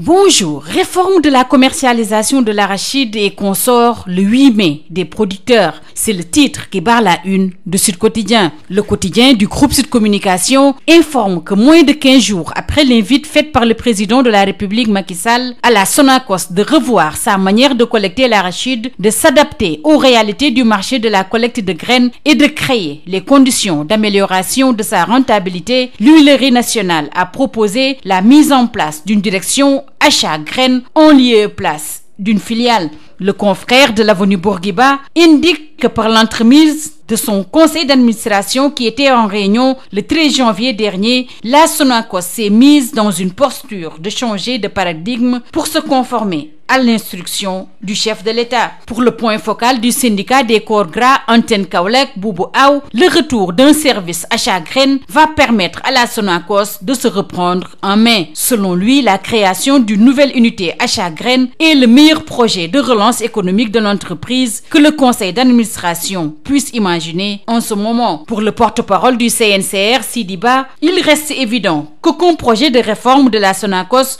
Bonjour. Réforme de la commercialisation de l'arachide et consorts le 8 mai des producteurs. C'est le titre qui barre la une de Sud Quotidien. Le quotidien du groupe Sud Communication informe que moins de quinze jours après l'invite faite par le président de la République Macky à la Sonacos de revoir sa manière de collecter l'arachide, de s'adapter aux réalités du marché de la collecte de graines et de créer les conditions d'amélioration de sa rentabilité, l'huilerie nationale a proposé la mise en place d'une direction achat graines on lieu et place d'une filiale. Le confrère de l'avenue Bourguiba indique que par l'entremise de son conseil d'administration qui était en réunion le 13 janvier dernier, la Sonacos s'est mise dans une posture de changer de paradigme pour se conformer à l'instruction du chef de l'État. Pour le point focal du syndicat des corps gras Antenne Kaolack Boubou Aw, le retour d'un service achat graine va permettre à la Sonacos de se reprendre en main. Selon lui, la création d'une nouvelle unité achat graine est le meilleur projet de relance économique de l'entreprise que le conseil d'administration puisse imaginer en ce moment. Pour le porte-parole du CNCR Sidiba, il reste évident qu'aucun projet de réforme de la Sonacos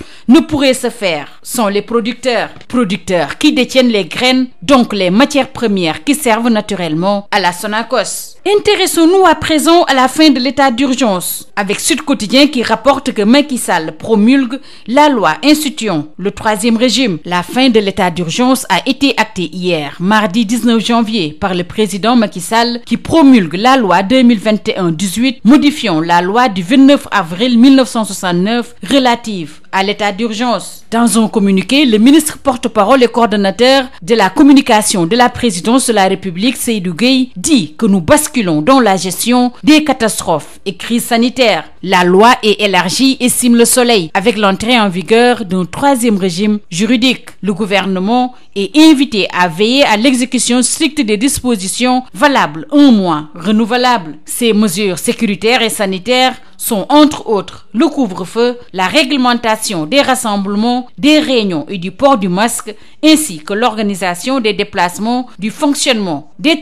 agriculteurs, producteurs qui détiennent les graines, donc les matières premières qui servent naturellement à la Sonacos. Intéressons-nous à présent à la fin de l'état d'urgence avec Sud Quotidien qui rapporte que Macky Sall promulgue la loi instituant le troisième régime. La fin de l'état d'urgence a été actée hier, mardi janvier, par le président Macky Sall qui promulgue la loi 2021-18 modifiant la loi du 29 avril 1969 relative à l'état d'urgence. Dans un communiqué, le ministre porte-parole et coordonnateur de la communication de la présidence de la République, Seydou Gueye, dit que nous bousculons dans la gestion des catastrophes et crises sanitaires. La loi et élargie, estime le Soleil, avec l'entrée en vigueur d'un troisième régime juridique. Le gouvernement est invité à veiller à l'exécution stricte des dispositions valables un mois, renouvelables. Ces mesures sécuritaires et sanitaires sont entre autres le couvre-feu, la réglementation des rassemblements, des réunions et du port du masque, ainsi que l'organisation des déplacements, du fonctionnement des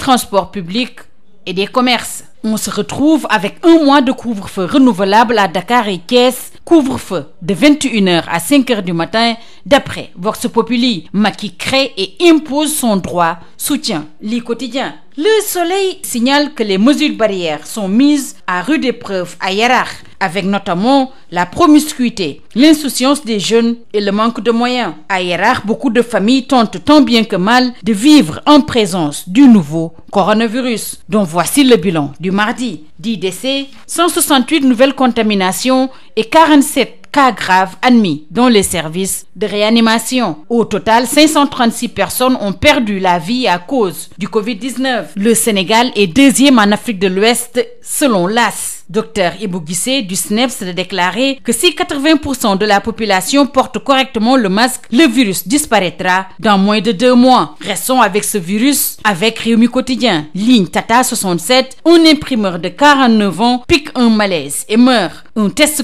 et des commerces. On se retrouve avec un mois de couvre-feu renouvelable à Dakar et Thiès. Couvre-feu de 21h à 5h du matin, d'après Vox Populi. Macky crée et impose son droit, soutien Les Quotidiens. Le Soleil signale que les mesures barrières sont mises à rude épreuve à Yaraax, avec notamment la promiscuité, l'insouciance des jeunes et le manque de moyens. À Yaraax, beaucoup de familles tentent tant bien que mal de vivre en présence du nouveau coronavirus, dont voici le bilan du mardi. 10 décès, 168 nouvelles contaminations et 47 cas graves admis dans les services de réanimation. Au total, 536 personnes ont perdu la vie à cause du Covid-19. Le Sénégal est deuxième en Afrique de l'Ouest selon l'AS. Docteur Ibou Guissé du SNEPS e a déclaré que si 80% de la population porte correctement le masque, le virus disparaîtra dans moins de deux mois. Restons avec ce virus avec Rewmi Quotidien. Ligne Tata un imprimeur de 49 ans pique un malaise et meurt. Un test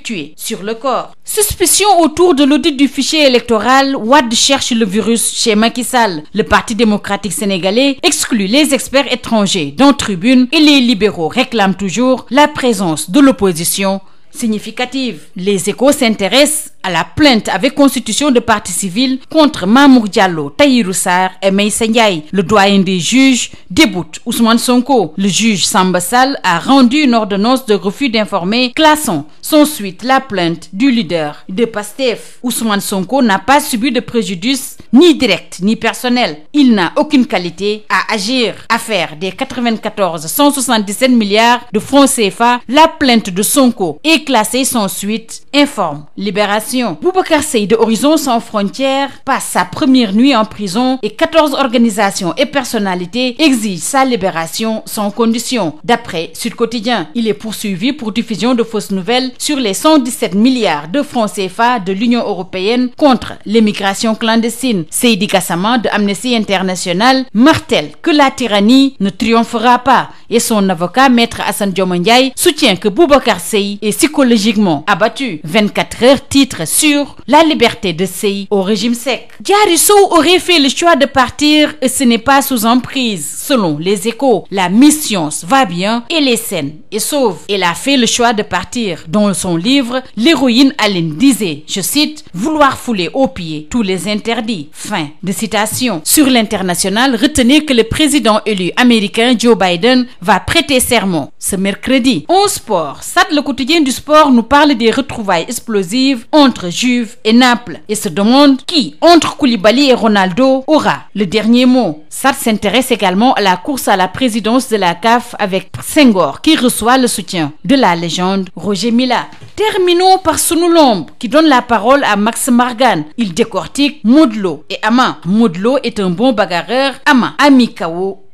effectuées sur le corps. Suspicion autour de l'audit du fichier électoral, Wade cherche le virus chez Macky Sall. Le Parti démocratique sénégalais exclut les experts étrangers dans Tribune et les libéraux réclament toujours la présence de l'opposition significative. Les échos s'intéressent à la plainte avec constitution de partie civile contre Mamour Diallo, Tahirou Sarr et Meïssa Ndiaye. Le doyen des juges déboute Ousmane Sonko. Le juge Samba Sall a rendu une ordonnance de refus d'informer, classant sans suite la plainte du leader de Pastef. Ousmane Sonko n'a pas subi de préjudice ni direct ni personnel. Il n'a aucune qualité à agir. Affaire des 94 177 milliards de francs CFA, la plainte de Sonko est classée sans suite, informe Libération. Boubacar Seye de Horizon Sans Frontières passe sa première nuit en prison et 14 organisations et personnalités exigent sa libération sans condition. D'après Sud Quotidien, il est poursuivi pour diffusion de fausses nouvelles sur les 117 milliards de francs CFA de l'Union européenne contre l'immigration clandestine. Palestine. Seydi Gassama de Amnesty International martel que la tyrannie ne triomphera pas et son avocat maître Assane Dioma Ndiaye soutient que Boubacar Sèye est psychologiquement abattu. 24 heures titre sur la liberté de Sèye au régime sec. Diary aurait fait le choix de partir et ce n'est pas sous emprise selon les Échos. La mission va bien, elle est saine et sauve. Elle a fait le choix de partir. Dans son livre, l'héroïne Aline disait, je cite, vouloir les interdits. Fin de citation. Sur l'international, retenez que le président élu américain Joe Biden va prêter serment ce mercredi. En sport, Stades le quotidien du sport nous parle des retrouvailles explosives entre Juve et Naples et se demande qui, entre Koulibaly et Ronaldo, aura le dernier mot. Stades s'intéresse également à la course à la présidence de la CAF avec Senghor qui reçoit le soutien de la légende Roger milla Terminons par Sunu Lamb qui donne la parole à Max Margan. Il décortique Modlo et Ama. Modlo est un bon bagarreur, Ama a mis KO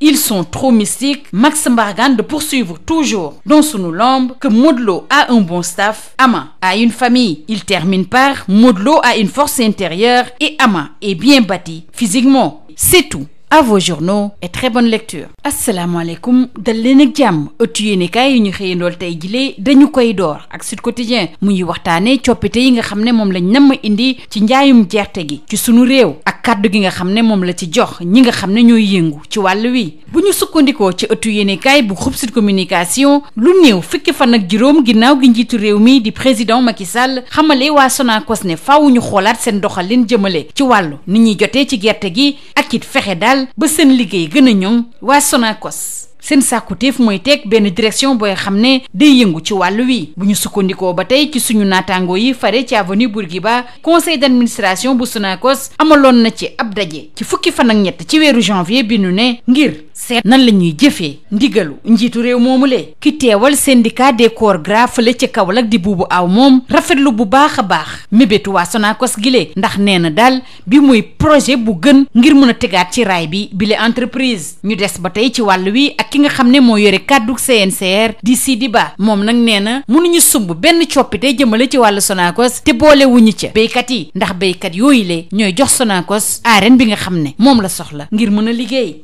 Ils sont trop mystiques. Max Mbargane de poursuivre toujours dans Sunu Lamb que Modou Lô a un bon staff, Ama a une famille. Il termine par Modou a une force intérieure et Ama est bien bâti physiquement. C'est tout. à vos journaux et très bonne lecture asalaamaaleykum dal leen ak jàmm ëttu yéenekaay yi ñu xëyandool tey jilee dañu koy door ak Sud Quotidien mu ngi waxtaane coppite yi nga xam ne moom lañ namm indi ci njaayum gerte gi ci sunu réew ak kàddu gi nga xam ne moom la ci jox ñi nga xam ne ñooy yëngu ci wàll wi bu ñu sukkandikoo ci ëttu yéenekaay bu groupe Sud Communication lu néew fukki fan ak juróom ginnaaw gi njiitu réew mii di président Macky Sall xamale waa Sonacos ne fawuñu ñu xoolaat seen doxalin jëmale ci wàllu ni ñuy jotee ci gerte gi ak fexe daal ba seen liggéey gën a ñoom waa Sonacos seen te fu mooy teeg benn direction booy xam ne day yëngu ci wàllu wi bu ñu sukkandikoo ba tey ci suñu naataangoo yi fare ci avenue Bourguiba conseil d'administration bu Sonacos amaloon na ci ab daje ci fukki fan ak ñett ci weeru janvier bi nu ne ngir seet nan la ñuy jëfee ndigalu njiitu réew moomu lee ki teewal syndicat des corps gras ci ci Kaolack di buubu aw moom rafetlu bu baax a baax mébétu waa Sonacos gi ndax nee na daal bi muy projet bu gën ngir mën a tegaat ci raay bi bile entreprise ñu des ba tey ci wàll wi ak ki nga xam ne moo yore kàddu CNCR di sii di Ba moom nag nee na mënuñu sumb benn coppite jëmale ci wàll Sonacos te boolewuñu wuñu ca béykat yi ndax béykat yooyu le ñooy jox Sonacos arène bi nga xam ne moom la soxla ngir mën liggéey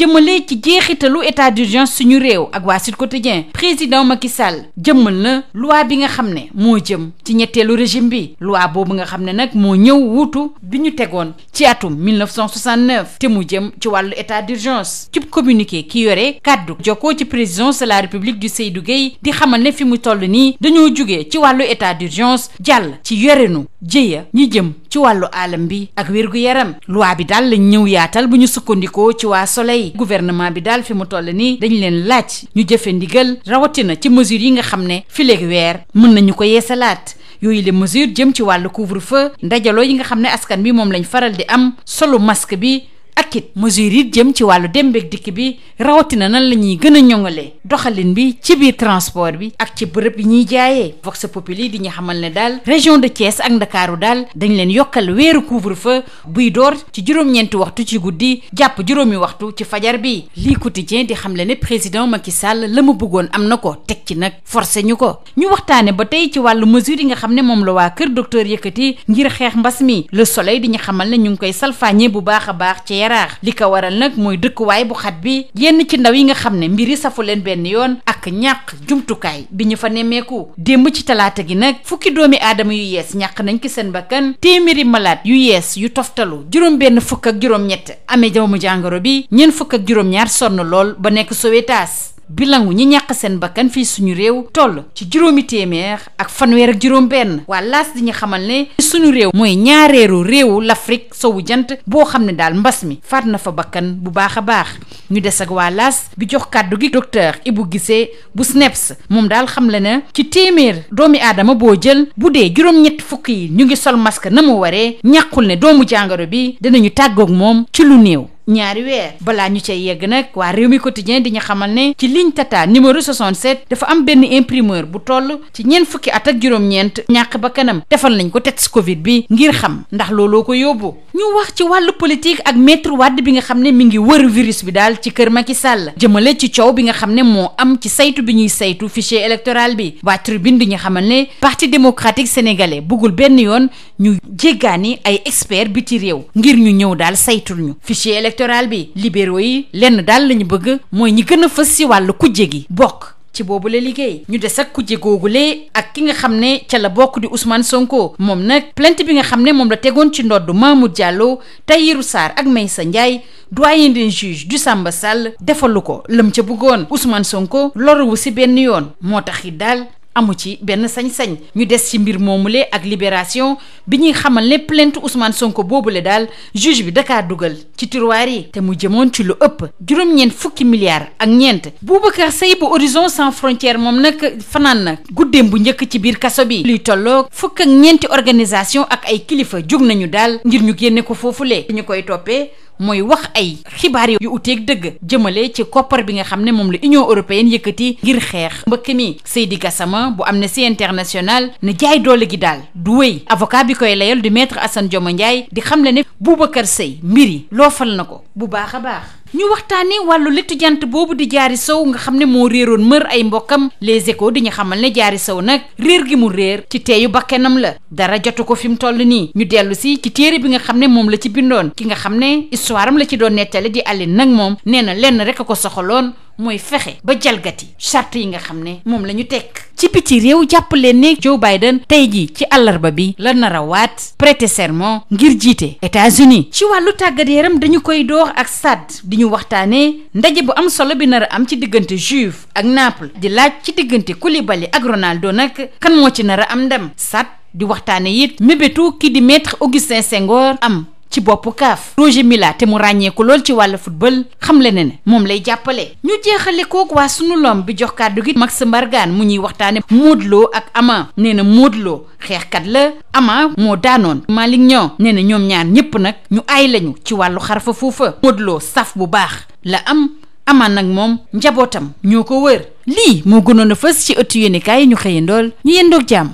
jëmale ci jeexitalu état d'urgence suñu réew ak waa Sud Quotidien président Macky Sall jëmmal na loi bi nga xam ne moo jëm ci ñetteelu régime bi loi boobu nga xam ne nag moo ñëw wuutu bi ñu tegoon ci atum 1969 te mu jëm ci wàllu état d'urgence ci communiqué ki yore kàddu jokkoo ci présidence de la république du Seydou Guèye di xamal ne fi mu toll nii dañoo jugee ci wàllu état d'urgence jàll ci yore yorenu jëya ñi jëm ci wàllu alam bi ak wér-gu-yaram loi bi daal lañ ñëw yaatal bu ñu sukkandikoo ci waa soleil gouvernement bi daal fi mu toll nii dañ leen laaj ñu jëfe ndigal rawatina ci mesure yi nga xam ne fileeg weer mën nañu ko yeesalaat yooyu les mesures jëm ci wàllu couvre-feu ndajaloo yi nga xam ne askan bi moom lañ faral di am solu masque bi ak it mesure yi jëm ci wàllu dem beeg dikk bi rawatina nan la ñuy gën a ñoŋalee doxalin bi ci biir transport bi ak ci bërëb yi ñuy jaayee vox populi di ñu xamal ne daal région de Thiès ak Ndakaaru daal dañ leen yokkal weeru couvre fa buy door ci juróom-ñeenti waxtu ci guddi jàpp juróomi waxtu ci fajar bi lii quotidien di xamle ne président Macky Sall la mu bëggoon am na ko teg ci nag force ñu ko ñu waxtaane ba tey ci wàllu mesure yi nga xam ne moom la waa kër docteur yëkkati ngir xeex mbas mi le soleil di ñu yaraax li ko waral nag mooy dëkkuwaay bu xat bi yenn ci ndaw yi nga xam ne mbir yi safu leen benn yoon ak ñàq jumtukaay bi ñu fa nemmeeku démb ci talaata gi nag fukki doomi aadama yu yees ñàq nañ ci seen bakkan téeméeri malaat yu yees yu toftalu juróom benn fukk ak juróom ñett amee jawmu jàngoro bi ñeent fukk ak juróom ñaar sonn lool ba nekk Sowetaas bilangu ñi ñàq seen bakkan fii suñu réew toll ci juróomi téeméer ak fanweer ak juróom benn waa laas di ñu xamal ne suñu réew mooy ñaareelu réewu l'Afrique sowu jant boo xam ne daal mbas mi faat na fa bakkan bu baax a baax ñu des ak waa laas bi jox kàddu gi docteur Ibou gisee bu SNEPS moom daal xam la ci téeméer doomi aadama boo jël bu dee juróom-ñett fukk yi ñu ngi sol masque na mu waree ñàqul ne doomu jàngoro bi dinañu tàggook moom ci lu néew ñaari weer balaa ñu cay yegg nag waa réew mi quotidien di ñu xamal ne ci ligne tata numéro 67 dafa am benn imprimeur bu toll ci ñeent fukki at ak juróom-ñeent ñàkk ba kanam defal nañ ko test covid bi ngir xam ndax looloo ko yóbbu ñu wax ci wàllu politique ak maître Wade bi nga xam ne mi ngi wër virus bi daal ci kër ma ki Sall jëmale ci coow bi nga xam ne moo am ci saytu bi ñuy saytu fichier électoral bi waa tribune bi ñu xamal ne parti démocratique sénégalais buggul benn yoon ñu jéggaani ay expert bi ci réew ngir ñu ñëw daal saytul ñu fichier électoral électoral bi libéraux yi lenn daal la ñu bëgg mooy ñi gën a fës si wàllu kujje gi bokk ci boobu la liggéey ñu des ak kujje googule ak ki nga xam ne ca la bokk di Ousmane Sonko moom nag plainte bi nga xam ne moom la tegoon ci ndodd Mamoud Diallo Tahirou Sarr ak sa Ndiaye doyen des juges du sàmba Sall defalu ko lëm ca bëggoon Ousmane Sonko loruwu si benn yoon moo tax daal amu ci benn sañ-sañ ñu des ci mbir moomule ak libération bi ñuy xamal ne plainte Ousmane Sonko boobule daal juge bi dakaa dugal ci tiroir yi te mu jëmoon ci lu ëpp juróom-ñeent fukki milliards ak ñeent bu Boubacar Seye bu Horizon Sans Frontières moom nag fanaan na guddeem bu njëkk ci biir kaso bi luy tolloo fukk ñeenti organisation ak ay kilifa jóg nañu daal ngir ñu génne ko foofu le ñu koy toppee mooy wax ay xibaar yu uteeg dëgg jëmale ci koppar bi nga xam ne moom la Union européenne yëkkati ngir xeex mbëkk mi Seydi Gassama bu Amnesty International ne jaay doole gi daal du wéy avocat bi koy layal di maître Assane Dioma Ndiaye di xam le ne Boubacar Seye mbir yi loo fal na ko bu baax a baax ñu waxtaanee wàllu littu jant boobu di jaari sow nga xam ne moo réeroon mër ay mbokkam les ko di ñu xamal ne jaari saw nag réer gi mu réer ci teeyu bakkenam la dara jotu ko fi mu toll nii ñu dellu si ci téere bi nga xam ne moom la ci bindoon ki nga xam ne histoire am la ci doon nettali di Aline nag moom nee na lenn rek a ko soxaloon mooy fexe ba jalgati charte yi nga xam ne moom la ñu tekk ci biti réew jàpp leen ne Joe Biden tey jii ci àllarba bi la nar a waat prêter serment ngir jiite États-Unis ci wàllu tàggat yaram dañu koy door ak stade di ñu waxtaanee ndaje bu am solo bi nar a am ci diggante Juve ak Naples di laaj ci diggante Koulibaly ak Ronaldo nag kan moo ci nar a am ndam stade di waxtaane it mébétu kii di maître Augustin Senghor am ci boppu kaaf Roger milla te mu ràññeeku lool ci wàllu football xam le ne ne moom lay jàppale ñu jeexale kook waa sunu lom bi jox kàddu gi mag Max Mbargaan mu ñuy waxtaane Modou ak amaa nee na Modou xeexkat la Ama moo daanoon Malick ñoo nee na ñoom ñaar ñépp nag ñu aay lañu ci wàllu xarfa foofa Modou Lo saf bu baax la am Ama nag moom njabootam ñoo ko wër lii moo gënoon a fës ci ëttu yéenekaay yi ñu xëyandool ñu yendoog jàmm